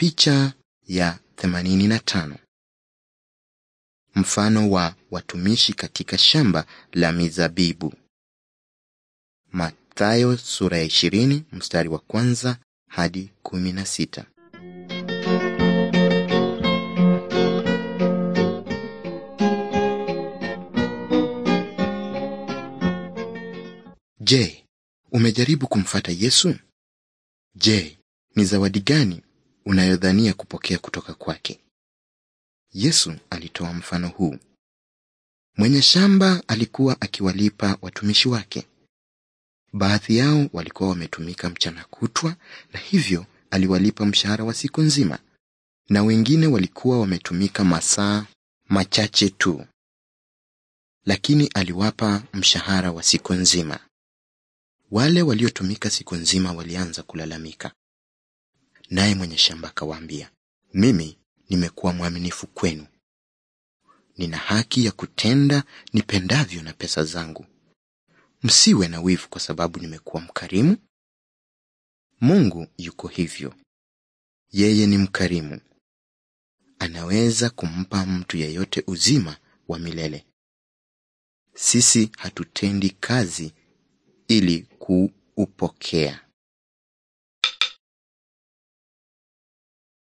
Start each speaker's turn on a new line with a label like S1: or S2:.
S1: Picha ya 85. Mfano wa watumishi katika shamba la mizabibu. Mathayo sura ya 20 mstari wa kwanza hadi 16. Je, umejaribu kumfata Yesu? Je, ni zawadi gani unayodhania kupokea kutoka kwake. Yesu alitoa mfano huu. Mwenye shamba alikuwa akiwalipa watumishi wake. Baadhi yao walikuwa wametumika mchana kutwa na hivyo aliwalipa mshahara wa siku nzima, na wengine walikuwa wametumika masaa machache tu, lakini aliwapa mshahara wa siku nzima. Wale waliotumika siku nzima walianza kulalamika, Naye mwenye shamba akawaambia, mimi nimekuwa mwaminifu kwenu, nina haki ya kutenda nipendavyo na pesa zangu. Msiwe na wivu, kwa sababu nimekuwa mkarimu. Mungu yuko hivyo, yeye ni mkarimu, anaweza kumpa mtu yeyote uzima wa milele. Sisi hatutendi kazi ili kuupokea.